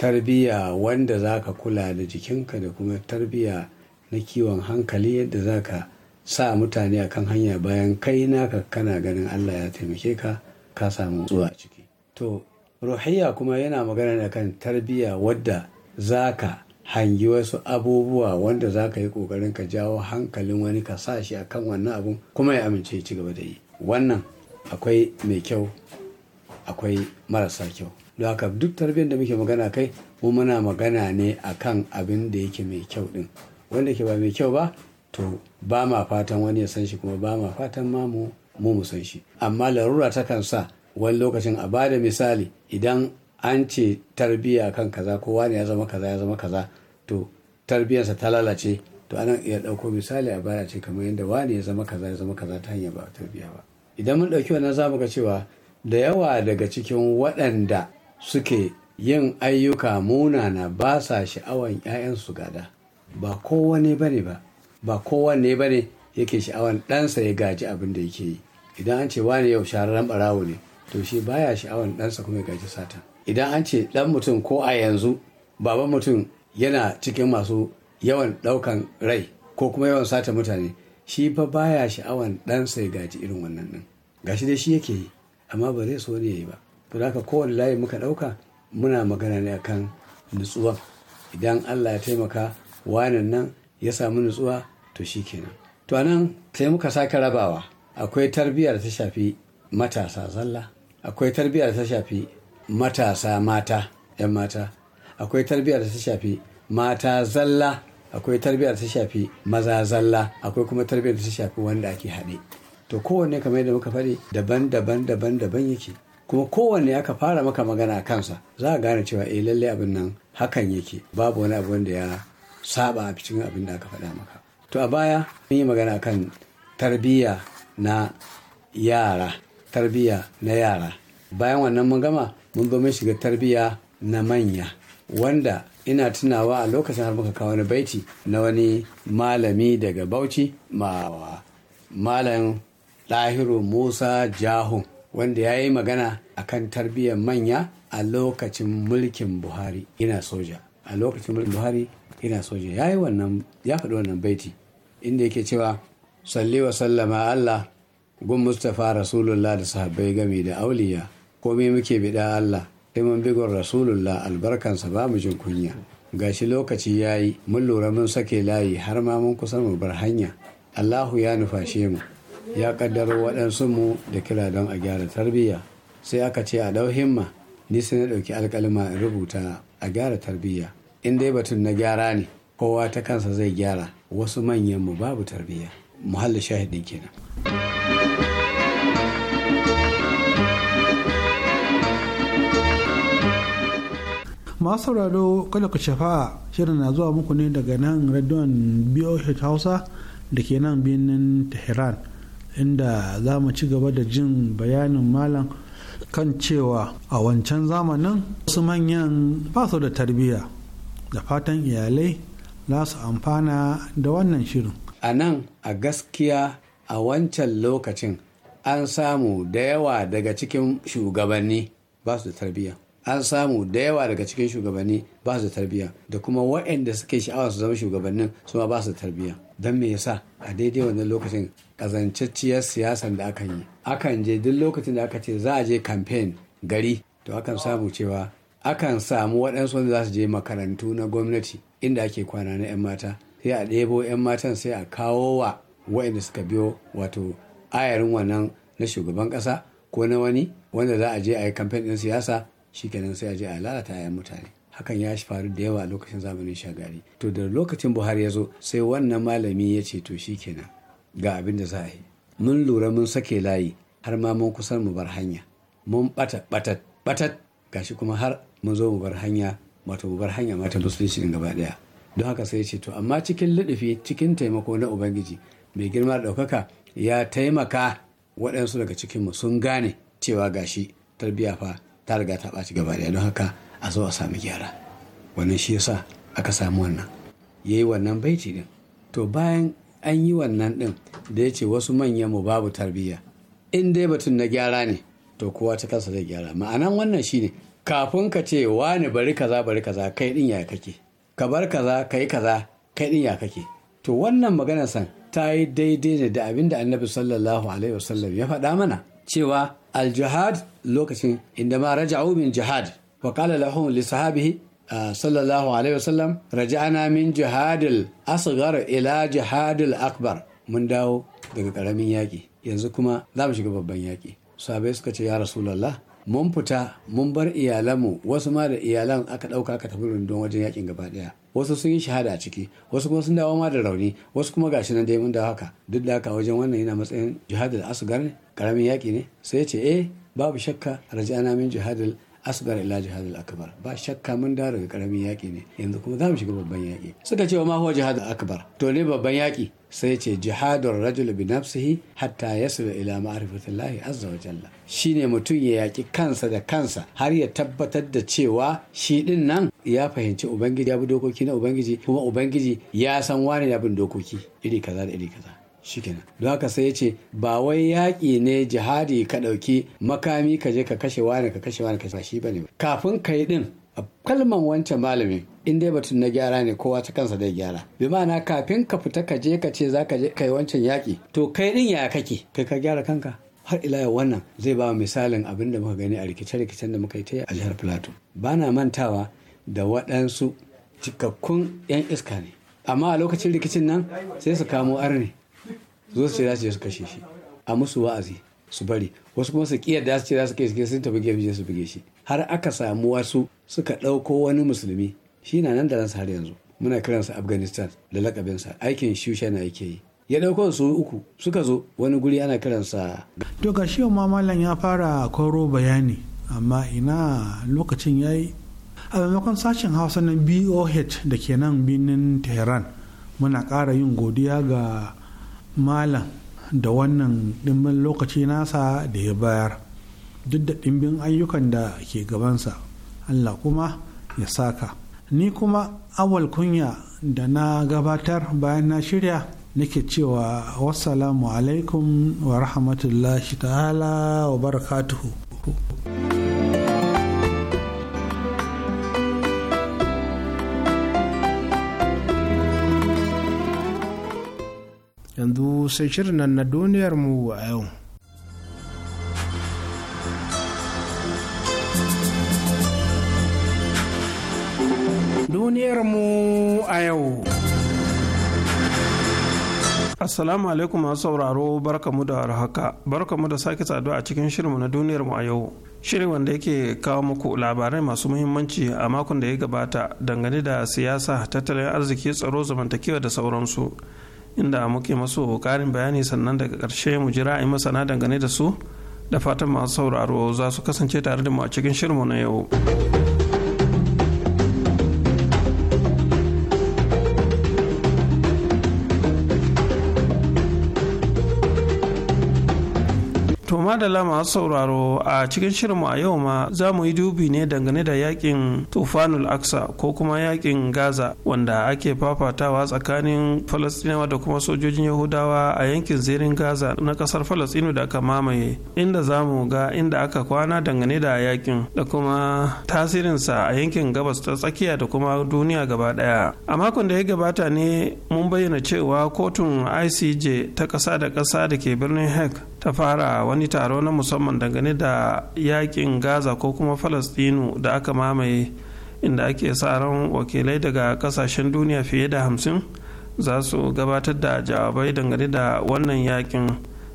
tarbiyya wanda za ka kula da jikinka da kuma tarbiyya na kiwon hankali yadda za ka sa mutane a kan hanya bayan kai naka kana ganin Allah ya taimake ka ka samu zuwa ciki to ruhiyya kuma yana magana da kan tarbiyya wadda za ka hangi wasu abubuwa wanda za ka yi ƙoƙarin ka jawo hankalin wani ka sa shi a kan wannan abun kuma ya amince ci gaba da yi wannan akwai mai kyau akwai marasa kyau don haka duk tarbiyyar da muke magana kai mu muna magana ne akan abin da yake mai kyau din wanda ke ba mai kyau ba to ba ma fatan wani ya san shi kuma ba ma fatan mamu, mu mu san shi amma larura takan sa wani lokacin a bada misali idan an ce tarbiyya kan kaza ko wani ya zama kaza ya zama kaza to tarbiyyarsa ta lalace to anan iya ɗauko misali a baya ce kamar yadda wani ya zama kaza ya zama kaza ta hanyar ba tarbiyya ba idan mun ɗauki wannan za mu ga cewa da yawa daga cikin waɗanda suke yin ayyuka munana ba sa sha'awan 'ya'yansu gada ba kowane bane ba ba kowanne ba ne yake sha'awar ɗansa ya gaji abin da yake yi idan an ce wani yau shahararren ɓarawo ne to shi baya sha'awar ɗansa kuma ya gaji sata idan an ce ɗan mutum ko a yanzu baban mutum yana cikin masu yawan ɗaukan rai ko kuma yawan sata mutane shi fa baya sha'awar ɗansa ya gaji irin wannan ɗin gashi dai shi yake yi amma ba zai so ne ya yi ba to da haka kowane layi muka ɗauka muna magana ne akan nutsuwa idan allah ya taimaka wanan nan ya samu nutsuwa to shi kenan to anan sai muka sake rabawa akwai tarbiyyar ta shafi matasa zalla akwai tarbiyyar ta shafi matasa mata 'yan mata akwai tarbiyyar ta shafi mata zalla akwai tarbiyyar ta shafi maza zalla akwai kuma tarbiyyar ta shafi wanda ake haɗe to kowanne kamar yadda muka faɗi daban daban daban daban yake kuma kowanne aka fara maka magana a kansa za a gane cewa eh lallai abin nan hakan yake babu wani abu wanda ya saba a cikin abin da aka faɗa maka to a baya mun yi magana kan tarbiyya na yara tarbiyya na yara bayan wannan mun gama mun zo mun shiga tarbiyya na manya wanda ina tunawa a lokacin har muka kawo wani baiti na wani malami daga bauchi ma malam lahiru musa jahu wanda ya yi magana a kan tarbiyyar manya a lokacin mulkin buhari ina soja a lokacin mulkin buhari ina soja ya yi wannan ya faɗi wannan baiti inda yake cewa salli wa sallama Allah gun Mustapha Rasulullah da sahabbai gami da auliya komai muke bida Allah sai mun bigon Rasulullah albarkansa ba mu jin kunya gashi lokaci ya yi mun lura mun sake layi har ma mun kusa mu bar hanya Allahu ya nufashe mu ya kaddaro waɗansu mu da kira don a gyara tarbiyya sai aka ce a ɗau himma ni sai na ɗauki alƙalma in rubuta a gyara tarbiyya in dai batun na gyara ne kowa ta kansa zai gyara wasu manyan mu babu tarbiyya muhalli shahidin kenan masu sauraro kada ku shafa shirin na zuwa muku ne daga nan radion boh hausa da ke nan birnin tehran inda za mu ci gaba da jin bayanin malam kan cewa a wancan zamanin wasu manyan ba su da tarbiyya da fatan iyalai za su amfana da wannan shirin. A nan a gaskiya a wancan lokacin an samu da yawa daga cikin shugabanni ba su da tarbiyya. An samu da yawa daga cikin shugabanni ba su da tarbiyya da kuma waɗanda suke sha'awar su zama shugabannin su ma ba su da tarbiyya. Don me yasa a daidai wannan lokacin kazancacciyar siyasan da akan yi. Akan je duk lokacin da aka ce za a je kamfen gari to akan samu cewa akan samu waɗansu wanda za su je makarantu na gwamnati inda ake kwana na 'yan mata sai a ɗebo 'yan matan sai a kawo wa waɗanda suka biyo wato ayarin wannan na shugaban ƙasa ko na wani wanda za a je a yi kamfen ɗin siyasa shi shikenan sai a je a lalata 'yan mutane hakan ya shi faru da yawa lokacin zamanin shagari to da lokacin buhari ya zo sai wannan malami ya ce to shi shikenan ga abin da za a yi mun lura mun sake layi har ma mun kusan mu bar hanya mun ɓata ɓatat ɓatat gashi kuma har mu zo mu bar hanya wato mu bar hanya mata musulunci din gaba daya don haka sai ce to amma cikin ludufi cikin taimako na ubangiji mai girma ɗaukaka ya taimaka waɗansu daga cikinmu sun gane cewa gashi tarbiyya fa ta riga ta ɓaci gaba daya don haka a zo a sami gyara wannan shi yasa aka samu wannan ya yi wannan baiti din to bayan an yi wannan din da ya ce wasu manyan mu babu tarbiyya in dai batun na gyara ne to kowa ta kansa zai gyara ma'anan wannan shine kafin ka ce wani bari kaza bari kaza kai din ya kake ka bar kaza kai kaza kai din ya kake to wannan maganar san ta yi daidai ne da abin da annabi sallallahu alaihi wasallam ya faɗa mana cewa Al-Jihad lokacin inda ma raja'u min jihad wa qala lahum li sahabihi ah, sallallahu alaihi wasallam raja'ana min jihadil asghar ila jihadil akbar mun dawo daga karamin yaƙi yanzu kuma za mu shiga babban yaki sahabai suka ce ya rasu rasulallah mun fita mun bar iyalanmu wasu ma da iyalan aka ɗauka aka tafi rundun wajen yakin gaba ɗaya wasu sun yi shahada a ciki wasu kuma sun dawo ma da rauni wasu kuma gashi nan dai mun dawo haka duk da haka wajen wannan yana matsayin jihadul asgar ne karamin yaƙi ne sai ce eh babu shakka rajana min jihadul asgar ila jihadul akbar ba shakka mun dawo daga karamin yaki ne yanzu kuma za mu shiga babban yaki suka ce wa ma huwa jihadul akbar to ne babban yaki sai ce jihadun rajul bi nafsihi hatta yasul ila ma'rifatillahi azza wa jalla shine mutum ya yaki kansa da kansa har ya tabbatar da cewa shi din nan ya fahimci ubangiji ya bi dokoki na ubangiji kuma ubangiji ya san wani ya bin dokoki iri kaza da iri kaza shikenan don haka sai ya ce ba wai yaƙi ne jihadi ka ɗauki makami ka je ka kashe wani ka kashe wani ka shi bane kafin ka yi din a kalman wancan malamin in dai batun na gyara ne kowa ta kansa zai gyara bi ma'ana kafin ka fita ka je ka ce za ka je kai wancan yaƙi to kai din ya kake kai ka gyara kanka har ila yau wannan zai ba misalin abin da muka gani a rikice-rikicen da muka yi ta a jihar plateau ba na mantawa da waɗansu cikakkun 'yan iska ne amma a lokacin rikicin nan sai su kamo arne zo su ce za su je su kashe shi a musu wa'azi su bari wasu kuma su kiyar da su ce za su kai su sun tafi gefe su buge shi har aka samu wasu suka ɗauko wani musulmi shi na nan da nan har yanzu muna kiransa afghanistan da lakabinsa aikin shusha na yake yi ya ɗauko su uku suka zo wani guri ana kiransa to ga shi ma malam ya fara koro bayani amma ina lokacin ya yi a maimakon sashen hausa na boh da ke nan birnin tehran muna ƙara yin godiya ga malam da wannan ɗimbin lokaci nasa da ya bayar duk da ɗimbin ayyukan da ke gabansa allah kuma ya saka ni kuma awal kunya da na gabatar bayan na shirya nake cewa wassalamu alaikum wa rahmatullahi ta'ala wa barakatuhu yanzu sai shirin nan na duniyarmu a yau duniyar mu a yau. Assalamu alaikum masu sauraro barkamu da haka barkamu da sake saduwa a cikin shirinmu na duniyarmu a yau. Shirin wanda yake kawo muku labarai masu muhimmanci a makon da ya gabata dangane da siyasa, tattalin arziki, tsaro, zamantakewa da sauransu. Inda muke masu karin bayani sannan daga ƙarshe mu jira a masana dangane da su da fatan masu sauraro za su kasance tare da mu a cikin shirinmu na yau. madala masu sauraro a cikin shirinmu a yau ma za mu yi dubi ne dangane da yakin tufanul aksa ko kuma yakin gaza wanda ake fafatawa tsakanin falastinawa da kuma sojojin yahudawa a yankin zirin gaza na kasar falastinu da aka mamaye inda za mu ga inda aka kwana dangane da yakin da kuma tasirinsa a yankin gabas ta tsakiya da kuma duniya gaba daya a makon da ya gabata ne mun bayyana cewa kotun icj ta ƙasa da ƙasa da ke birnin hague ta fara wani taro na musamman dangane da yakin gaza ko kuma falastinu da aka mamaye inda ake sa ran wakilai daga kasashen duniya fiye da hamsin za su gabatar da jawabai dangane da wannan yakin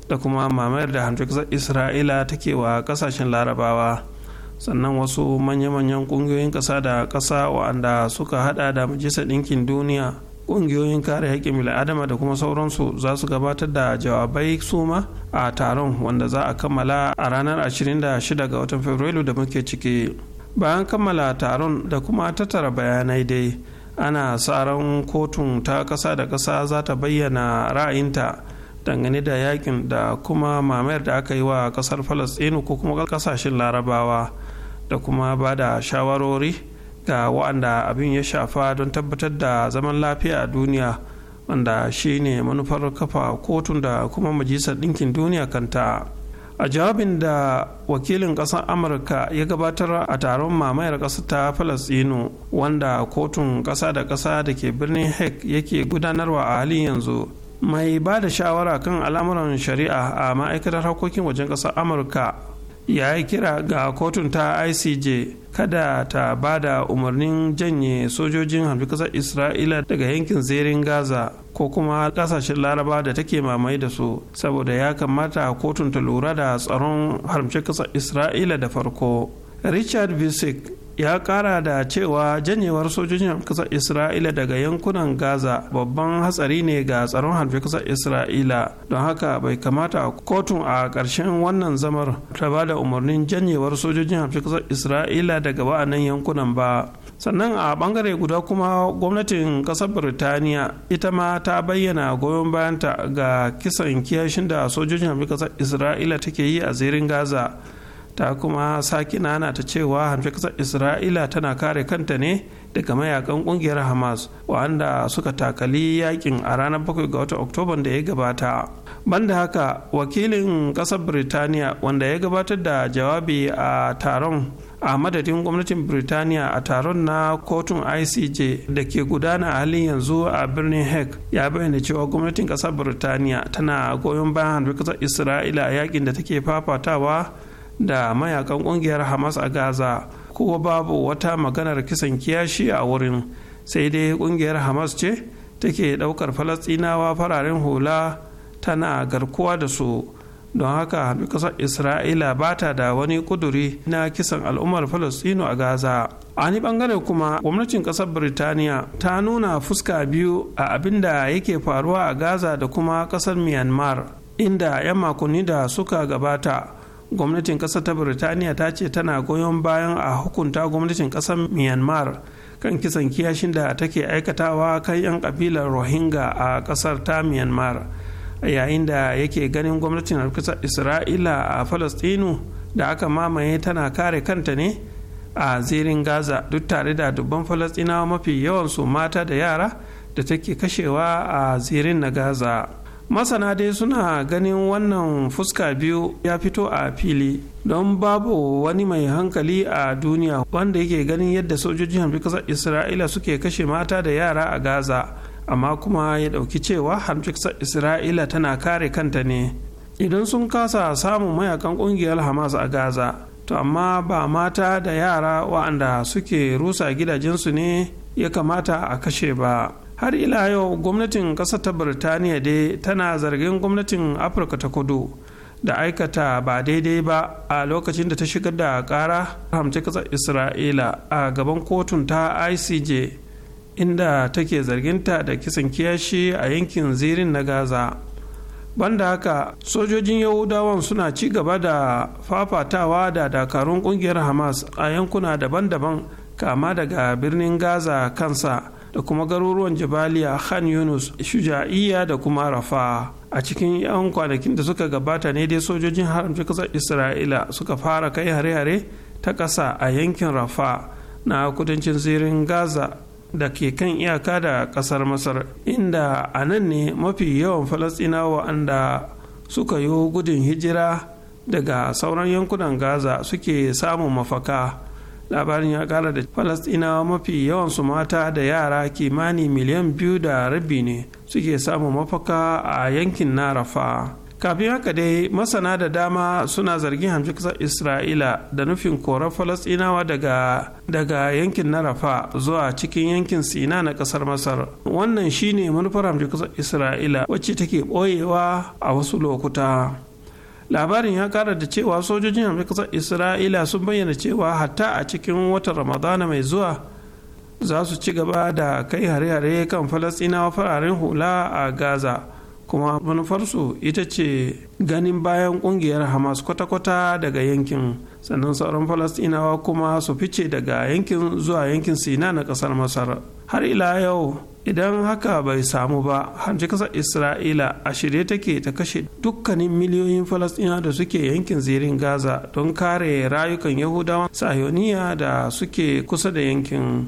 da kuma mamayar da hamsin isra'ila take wa kasashen larabawa sannan wasu manya-manyan kungiyoyin ƙasa da ƙasa wa'anda suka hada da majalisar ɗinkin duniya ƙungiyoyin kare haƙƙin bil'adama da kuma sauransu za su gabatar da jawabai suma a taron wanda za a kammala a ranar 26 ga watan fabrairu da muke ciki bayan kammala taron da kuma tattara bayanai dai ana tsaron kotun ta ƙasa da ƙasa za ta bayyana ra'ayinta dangane da yakin da kuma mamayar da aka yi wa ƙasar falastinu ko kuma ƙasashen larabawa da kuma ba da shawarori da waɗanda abin ya shafa don tabbatar da zaman lafiya a duniya wanda shi ne manufar kafa kotun da kuma majalisar ɗinkin duniya kanta a jawabin da wakilin ƙasar amurka ya gabatar a taron mamayar ƙasa ta falasɗinu wanda kotun ƙasa da ƙasa da ke birnin hek yake gudanarwa a halin yanzu mai ba da shawara kan al'amuran shari'a a ma'aikatar harkokin wajen ƙasar amurka ya yi kira ga kotun ta icj kada ta ba da umarnin janye sojojin hamfi kasar isra'ila daga yankin zirin gaza ko kuma kasashen laraba da take mamaye da su saboda ya kamata kotun ta lura da tsaron haramci kasar isra'ila da farko richard visick ya kara da cewa janyewar sojojin kasar isra'ila daga yankunan gaza babban hatsari ne ga tsaron harfi kasar isra'ila don haka bai kamata kotun a ƙarshen wannan zamar ta ba da umarnin janyewar sojojin harfi kasar isra'ila daga wa'annan yankunan ba sannan a bangare guda kuma gwamnatin kasar birtaniya ita ma ta bayyana goyon bayanta ga kisan kiyashin da sojojin harfi kasar isra'ila take yi a zirin gaza ta kuma saki nana ta cewa hamshe kasar isra'ila tana kare kanta ne daga mayakan kungiyar hamas wanda suka takali yakin a ranar 7 ga watan oktoban da ya gabata banda haka wakilin kasar birtaniya wanda ya gabatar da jawabi a taron a madadin gwamnatin birtaniya a taron na kotun icj da ke gudana a halin yanzu a birnin hague ya bayyana cewa gwamnatin kasar birtaniya tana goyon bayan kasar isra'ila a yakin da take fafatawa da mayakan ƙungiyar hamas a gaza kuma babu wata maganar kisan kiyashi a wurin sai dai ƙungiyar hamas ce take ɗaukar falastinawa fararen hula tana garkuwa da su don haka kasar isra'ila ba ta da wani kuduri na kisan al'ummar falastino a gaza a ni bangare kuma gwamnatin kasar birtaniya ta nuna fuska biyu a abin da yake faruwa a gaza da kuma kasar myanmar inda 'yan makonni da suka gabata gwamnatin kasar ta birtaniya ta ce tana goyon bayan a hukunta gwamnatin kasar myanmar kan kisan kiyashin da take aikatawa kan 'yan kabilar rohingya a kasar ta myanmar yayin da yake ganin gwamnatin kasar isra'ila a falastinu da aka mamaye tana kare kanta ne a zirin gaza duk tare da dubban falastinawa mafi yawan su mata da yara da take kashewa a zirin na gaza masana dai suna ganin wannan fuska biyu ya fito a fili don babu wani mai hankali a duniya wanda yake ganin yadda sojojin hamfi kasar isra'ila suke kashe mata da yara a gaza amma kuma ya ɗauki cewa hamfi kasar isra'ila tana kare kanta ne idan sun kasa samun mayakan kungiyar hamas a gaza to amma ba mata da yara wa'anda suke rusa gidajensu ne ya kamata a kashe ba har ila yau gwamnatin kasar ta birtaniya dai tana zargin gwamnatin afirka ta kudu da aikata ba daidai ba a lokacin da ta shigar da ƙara hamci kasar isra'ila a gaban kotun ta icj inda take zarginta da kisan kiyashi a yankin zirin na gaza banda haka sojojin yahudawan suna ci gaba da fafatawa da dakarun kungiyar hamas a yankuna daban-daban kama daga birnin gaza kansa da kuma garuruwan jabaliya khan yunus shuja'iyya da kuma rafa a cikin 'yan kwanakin da suka gabata ne dai sojojin haramci kasar isra'ila suka fara kai hare-hare ta ƙasa a yankin rafa na kudancin zirin gaza da ke kan iyaka da ƙasar masar inda a nan ne mafi yawan falasɗinawa anda suka yi gudun hijira daga sauran yankunan gaza suke samun mafaka labarin ya kara da falasɗinawa mafi yawan su mata da yara kimani miliyan biyu da rabi ne suke samun mafaka a yankin narafa kafin haka dai masana da dama suna zargin hamshi kasar isra'ila da nufin korar falasɗinawa daga daga yankin narafa zuwa cikin yankin sina na kasar masar wannan shine manufar hamshi kasar isra'ila wacce take boyewa a wasu lokuta labarin ya kara da cewa sojojin ƙasar isra'ila sun bayyana cewa hatta a cikin watan ramadana mai zuwa za su ci gaba da kai hare-hare kan falastinawa fararen hula a gaza kuma manufarsu ita ce ganin bayan kungiyar hamas kwata-kwata daga yankin sannan sauran falastinawa kuma su fice daga yankin zuwa yankin sina na kasar masar har ila yau idan haka bai samu ba hanji kasar isra'ila a shirye take ta kashe dukkanin miliyoyin falasɗina da suke yankin zirin gaza don kare rayukan yahudawa sahiyoniya da suke kusa da yankin.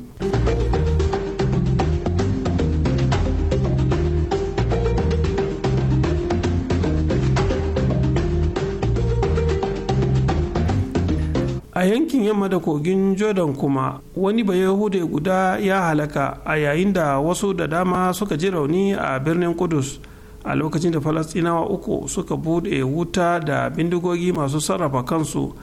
a yankin yamma da kogin jordan kuma wani bayahude guda ya halaka a yayin da wasu da dama suka ji rauni a birnin kudus a lokacin da falastinawa uku suka bude wuta da bindigogi masu sarrafa kansu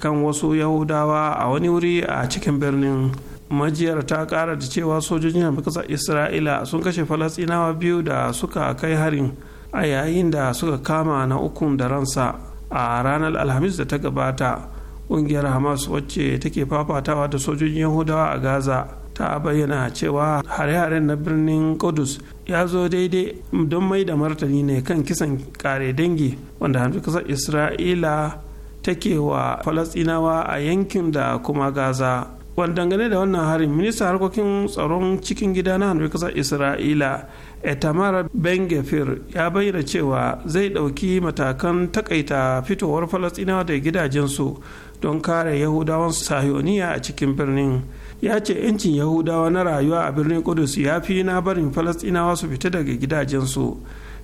kan wasu yahudawa a wani wuri a cikin birnin majiyar ta kara da cewa sojojin amurka isra'ila sun kashe falastinawa biyu da suka kai harin a yayin da suka kama na ukun da ransa a ranar alhamis da ta gabata kungiyar hamas wacce take fafatawa da sojojin yahudawa a gaza ta bayyana cewa hare-haren na birnin kudus ya zo daidai don mai da martani ne kan kisan kare dangi wanda hamsin kasar isra'ila take wa falastinawa a yankin da kuma gaza wani dangane da wannan harin ministan harkokin tsaron cikin gida na hannun kasar isra'ila etamar ben ya bayyana cewa zai ɗauki matakan takaita fitowar falastinawa da gidajensu don kare yahudawan sahiyoniya a cikin birnin ya ce 'yancin yahudawa na rayuwa a birnin kudus ya fi na barin falastinawa su fita daga gidajensu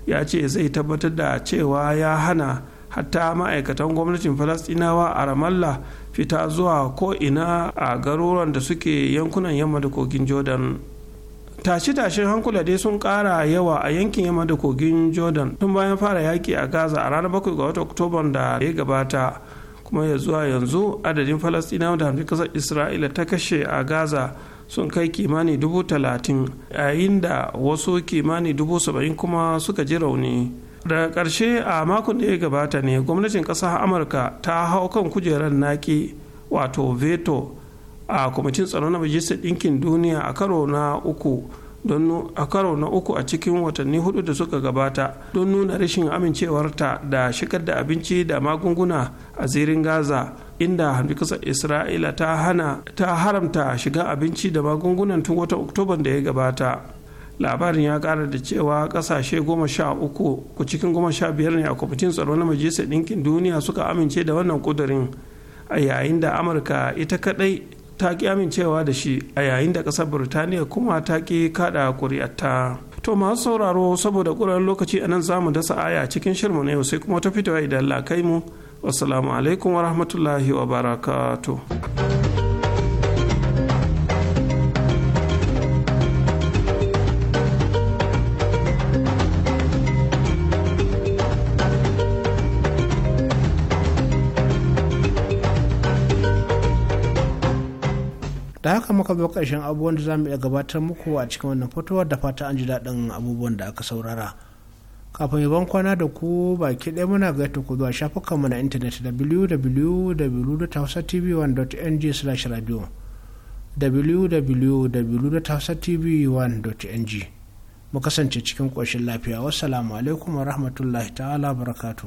ya ce zai tabbatar da cewa ya hana hatta ma'aikatan gwamnatin falastinawa a ramallah fita zuwa ko'ina a garuruwan da suke yankunan yamma da kogin jordan tashe-tashen hankula dai sun kara yawa a yankin yamma da kogin jordan tun bayan fara yaki a gaza a ranar 7 ga watan oktoban da ya gabata kuma ya zuwa yanzu adadin falastinawa da hamsin kasar isra'ila ta kashe a gaza sun kai kimani dubu talatin yayin da wasu kimani dubu saba'in kuma suka ji rauni daga karshe a makon da ya gabata ne gwamnatin ƙasar amurka ta hau kan kujerar naki wato veto a kwamitin tsaro na majalisar ɗinkin duniya a karo na uku don a karo na uku a cikin watanni hudu da suka gabata don nuna rashin amincewarta da shigar da abinci da magunguna a zirin gaza inda hamdukasar isra'ila ta hana ta haramta shiga abinci da magungunan tun watan oktoban da ya gabata labarin ya kara da cewa kasashe goma sha uku ku cikin goma sha biyar ne a kwamitin tsaro na majalisar ɗinkin duniya suka amince da wannan kudurin a yayin da amurka ita kadai ta ki amincewa da shi a yayin da ƙasar birtaniya kuma ta ki kaɗa ƙuri'arta to masu sauraro saboda ƙuran lokaci a nan za mu dasa aya cikin shirmu na yau sai kuma ta fitowa idan lakai mu wassalamu alaikum wa rahmatullahi wa barakatuh da haka muka bi ƙarshen abubuwan da za mu iya gabatar muku a cikin wannan fitowar da fata an ji daɗin abubuwan da aka saurara kafin yaban kwana da ku baki ɗaya muna gaita ku zuwa shafukanmu na intanet www.hausatv1.ng slash radio www.hausatv1.ng mu kasance cikin ƙoshin lafiya wassalamu alaikum wa rahmatullahi ta'ala barakatu.